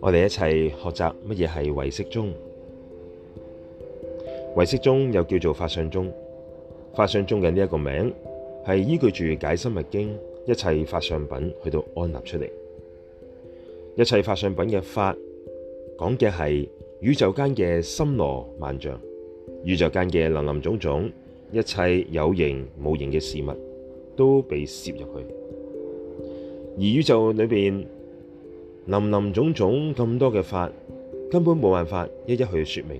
我哋一齊學習乜嘢係唯識宗？唯識宗又叫做法相宗。法相宗嘅呢一個名係依據住《解深密經》，一切法相品去到安立出嚟。一切法相品嘅法講嘅係宇宙間嘅森羅萬象，宇宙間嘅林林總總。一切有形冇形嘅事物都被攝入去，而宇宙裏邊林林總總咁多嘅法，根本冇辦法一一去説明，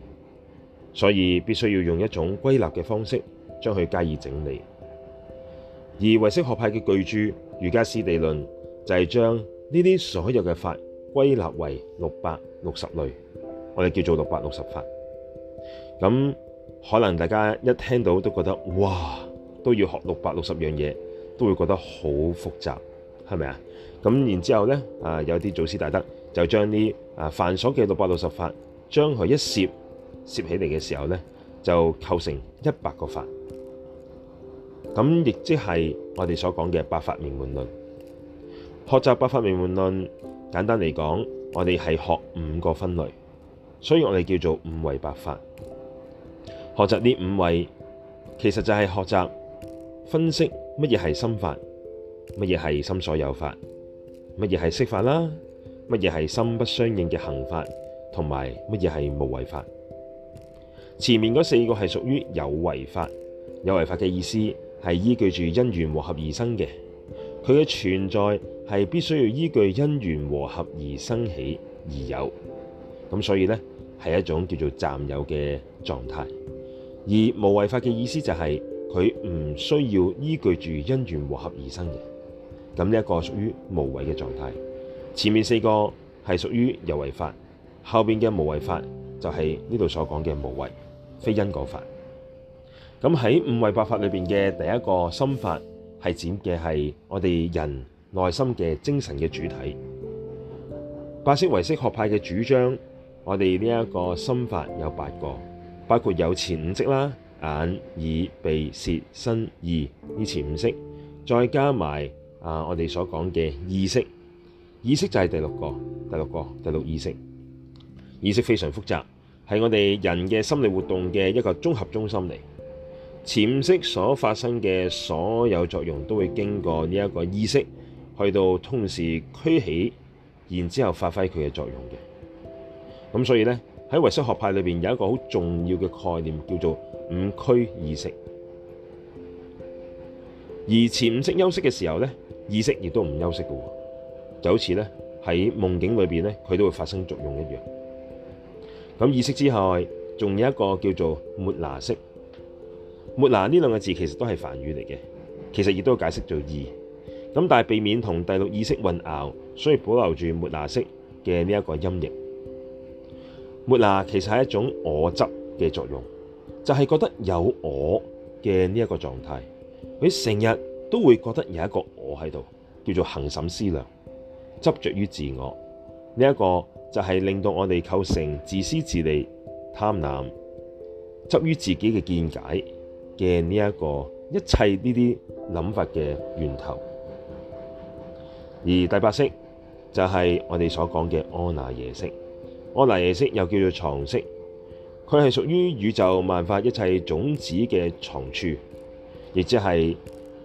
所以必須要用一種歸納嘅方式將佢加以整理。而唯識學派嘅巨著《瑜伽師地論》就係、是、將呢啲所有嘅法歸納為六百六十類，我哋叫做六百六十法。咁可能大家一聽到都覺得哇，都要學六百六十樣嘢，都會覺得好複雜，係咪啊？咁然之後呢，啊有啲祖師大德就將呢啊繁瑣嘅六百六十法將佢一攝攝起嚟嘅時候呢，就構成一百個法。咁亦即係我哋所講嘅《百法明門論》。學習《百法明門論》，簡單嚟講，我哋係學五個分類，所以我哋叫做五位百法。學習呢五位，其實就係學習分析乜嘢係心法，乜嘢係心所有法，乜嘢係色法啦，乜嘢係心不相應嘅行法，同埋乜嘢係無為法。前面嗰四個係屬於有為法，有為法嘅意思係依據住因緣和合而生嘅，佢嘅存在係必須要依據因緣和合而生起而有，咁所以呢，係一種叫做暫有嘅狀態。而無為法嘅意思就係佢唔需要依據住因緣和合而生嘅，咁呢一個屬於無為嘅狀態。前面四個係屬於有為法，後邊嘅無為法就係呢度所講嘅無為，非因果法。咁喺五位百法裏邊嘅第一個心法係指嘅係我哋人內心嘅精神嘅主體。八識唯識學派嘅主張，我哋呢一個心法有八個。包括有前五識啦，眼、耳、鼻、舌、身、意呢前五識，再加埋啊我哋所講嘅意識，意識就係第六個，第六個，第六意識。意識非常複雜，係我哋人嘅心理活動嘅一個綜合中心嚟。前五識所發生嘅所有作用都會經過呢一個意識，去到同時驅起，然之後發揮佢嘅作用嘅。咁所以咧。喺唯識學派裏面有一個好重要嘅概念，叫做五俱意識。而前五識休息嘅時候咧，意識亦都唔休息嘅，就好似咧喺夢境裏邊咧，佢都會發生作用一樣。咁意識之外，仲有一個叫做末那識。末那呢兩個字其實都係梵語嚟嘅，其實亦都解釋做意。咁但係避免同第六意識混淆，所以保留住末那識嘅呢一個音譯。末那其實係一種我執嘅作用，就係、是、覺得有我嘅呢一個狀態，佢成日都會覺得有一個我喺度，叫做恒審思量，執着於自我呢一，這個就係令到我哋構成自私自利、貪婪、執於自己嘅見解嘅呢一個一切呢啲諗法嘅源頭。而第八識就係我哋所講嘅阿賴耶識。阿賴耶識又叫做藏識，佢係屬於宇宙萬法一切種子嘅藏處，亦即係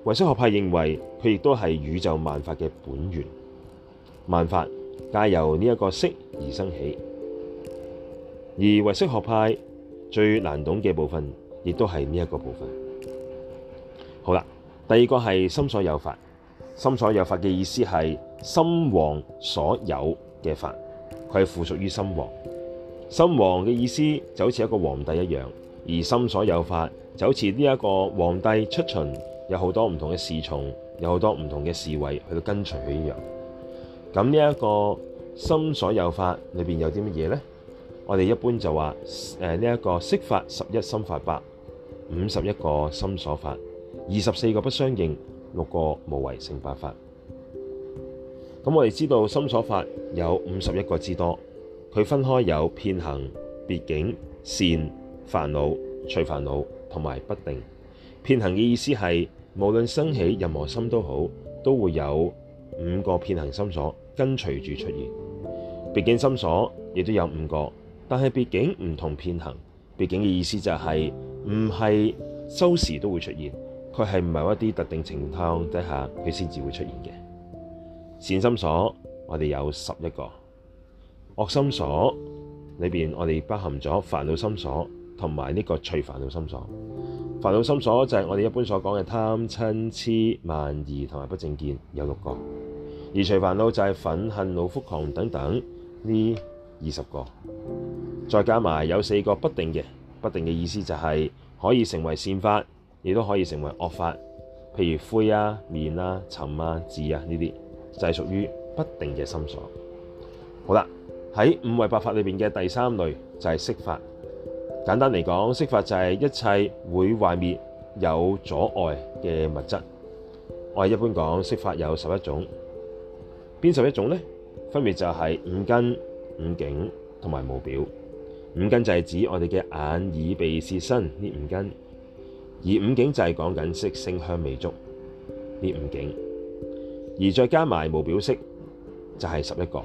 唯識學派認為佢亦都係宇宙萬法嘅本源。萬法皆由呢一個識而生起，而唯識學派最難懂嘅部分，亦都係呢一個部分。好啦，第二個係心所有法。心所有法嘅意思係心王所有嘅法。佢係附屬於心王，心王嘅意思就好似一個皇帝一樣，而心所有法就好似呢一個皇帝出巡有好多唔同嘅侍從，有好多唔同嘅侍衛去到跟隨佢一樣。咁呢一個心所有法裏邊有啲乜嘢呢？我哋一般就話誒，呢一個色法十一心法八，五十一個心所法，二十四個不相應，六個無為成百法。咁我哋知道心所法有五十一個之多，佢分開有遍行、別境、善、煩惱、隨煩惱同埋不定。遍行嘅意思係無論生起任何心都好，都會有五個遍行心所跟隨住出現。別境心所亦都有五個，但係別境唔同遍行。別境嘅意思就係唔係周時都會出現，佢係某一啲特定情況底下佢先至會出現嘅。善心所，我哋有十一個；惡心所裏邊面，我哋包含咗煩惱心所同埋呢個隨煩惱心所。煩惱心所就係我哋一般所講嘅貪嗔痴慢疑同埋不正見，有六個；而隨煩惱就係忿恨惱、覆誑等等呢二十個。再加埋有四個不定嘅，不定嘅意思就係可以成為善法，亦都可以成為惡法，譬如悔啊、眠啊、尋啊、伺啊呢啲。就係、是、屬於不定嘅心所。好啦，喺五位百法裏邊嘅第三類就係色法。簡單嚟講，色法就係一切會壞滅、有阻礙嘅物質。我係一般講色法有十一種，邊十一種呢？分別就係五根、五境同埋無表。五根就係指我哋嘅眼、耳、鼻、舌、身呢五根，而五境就係講緊色、聲、香、味、觸呢五境。而再加埋無表色就係十一個。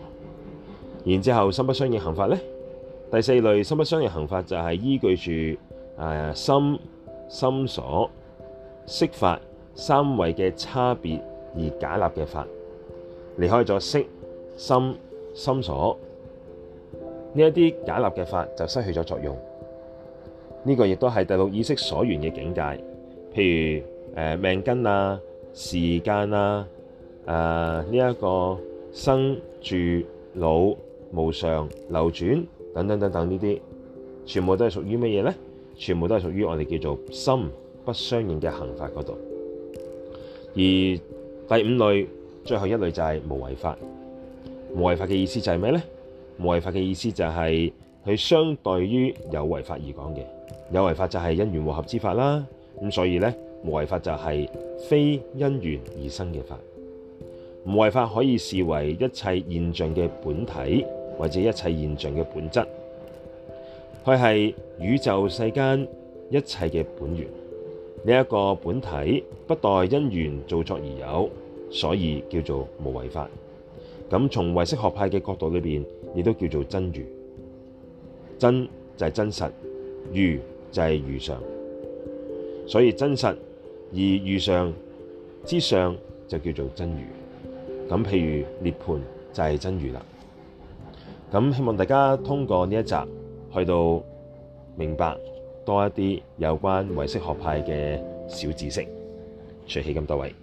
然之後，心不相應行法咧，第四類心不相應行法就係依據住誒、啊、心、心所、色法三位嘅差別而假立嘅法，離開咗色、心、心所呢一啲假立嘅法就失去咗作用。呢、這個亦都係第六意識所緣嘅境界，譬如誒、啊、命根啊、時間啊。誒呢一個生住老無常流轉等等等等呢啲，全部都係屬於乜嘢咧？全部都係屬於我哋叫做心不相應嘅行法嗰度。而第五類最後一類就係無為法。無為法嘅意思就係咩咧？無為法嘅意思就係佢相對於有為法而講嘅。有為法就係因緣和合之法啦。咁所以咧，無為法就係非因緣而生嘅法。無為法可以視為一切現象嘅本體，或者一切現象嘅本質。佢係宇宙世間一切嘅本源呢一，這個本體，不待因緣造作而有，所以叫做無為法。咁從唯識學派嘅角度裏邊，亦都叫做真如。真就係真實，如就係如常，所以真實而如常之上就叫做真如。咁譬如涅槃就係真如啦。咁希望大家通過呢一集去到明白多一啲有關唯識學派嘅小知識。謝謝咁多位。